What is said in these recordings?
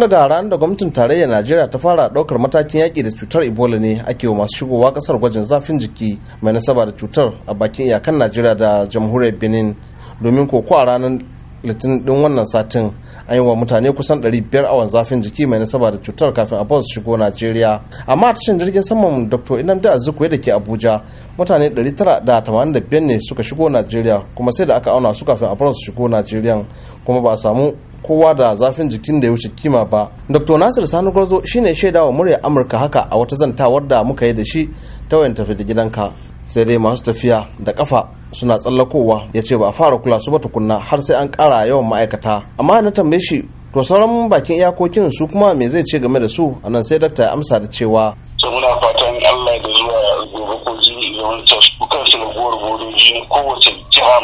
tun daga ranar da gwamnatin tarayyar najeriya ta fara daukar matakin yaƙi da cutar ebola ne ake wa masu shigowa kasar gwajin zafin jiki mai nasaba da cutar a bakin iyakan najeriya da jamhuriyar benin domin koko a ranar litinin din wannan satin an yi wa mutane kusan 500 awon zafin jiki mai nasaba da cutar kafin a su shigo najeriya amma a tashin jirgin saman dr inan da azuku da ke abuja mutane 985 ne suka shigo najeriya kuma sai da aka auna su kafin a su shigo najeriya kuma ba a samu kowa da zafin jikin da ya wuce kima ba dr nasir sani gwarzo shine shaida wa murya amurka haka a wata zantawar da muka yi da shi ta wayan tafi da gidanka sai dai masu tafiya da kafa suna tsallakowa ya ce ba a fara kula su ba tukunna har sai an kara yawan ma'aikata amma na tambaye shi to sauran bakin iyakokin su kuma me zai ce game da su a nan sai dakta ya amsa da cewa to muna fatan allah da zuwa gobe ko jini idan su kansu raguwar bodoji jini kowace jiha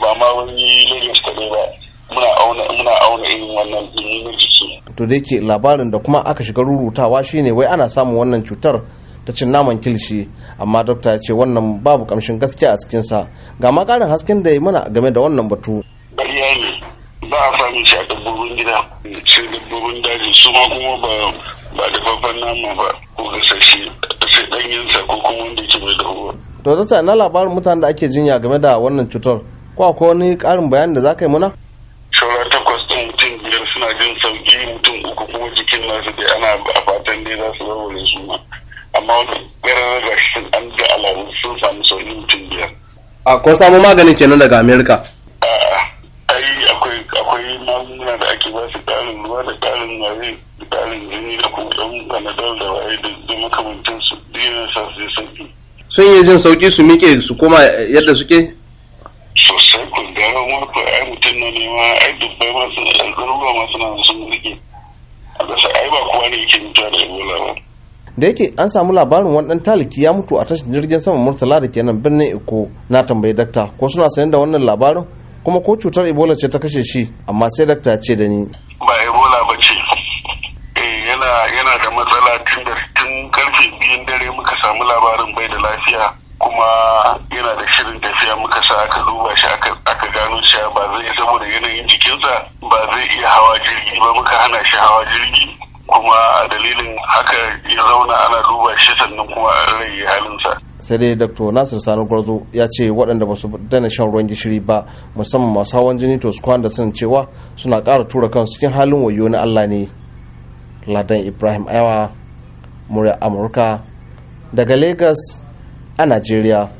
ba ma wani lagos kaɗai ba muna auna muna auna irin wannan na jiki to da yake labarin da kuma aka shiga rurutawa shine wai ana samun wannan cutar ta cin naman kilishi amma dokta ya ce wannan babu kamshin gaskiya a cikinsa ga ma karin hasken da ya mana game da wannan batu ƙarya ne ba a fahimci shi a dabbobin gida sai dabbobin daji su ma kuma ba ba babban nama ba ko gasashe sai ɗanyensa ko kuma wanda ke mai dahuwa to dokta na labarin mutanen da ake jinya game da wannan cutar ko akwai wani ƙarin bayani da za ka yi muna su ana a fatan dai za su warware su ma amma wani ƙirar ga shi an da alamu sun samu sauyi mutum biyar. a ko samu maganin kenan daga amerika. ai akwai akwai magunguna da ake ba su ƙarin ruwa da ƙarin mare da ƙarin jini da kuma ɗan ganadar da waye da makamantan su duk yana sa su yi sauki. sun yi jin sauki su miƙe su koma yadda suke. sosai kun gara mako ai mutum na nema ai dubbai masu ɗaruruwa masu na sun mulki. ba kowa da yake an samu labarin wani dan taliki ya mutu a tashin jirgin sama murtala da kenan birnin eko na tambayi dakta ko suna sayan da wannan labarin kuma ko cutar ebola ce ta kashe shi amma sai dakta ce da ni ba ebola ba ce eh, yana yana da matsala tun da tun karfe biyun dare muka samu labarin bai da lafiya kuma yana da shirin tafiya muka sa aka duba shi aka yanayin jikinsa ba zai iya hawa jirgi ba muka hana shi hawa jirgi kuma a dalilin haka ya zauna ana duba shi sannan kuma rage halinsa sai dai dr nasir sani gwarzo ya ce waɗanda ba su dana shan ruwan gishiri ba musamman masu hawan jini to su da sanin cewa suna ƙara tura kansu cikin halin wayo na allah ne ladan ibrahim aiwa murya amurka daga lagos a najeriya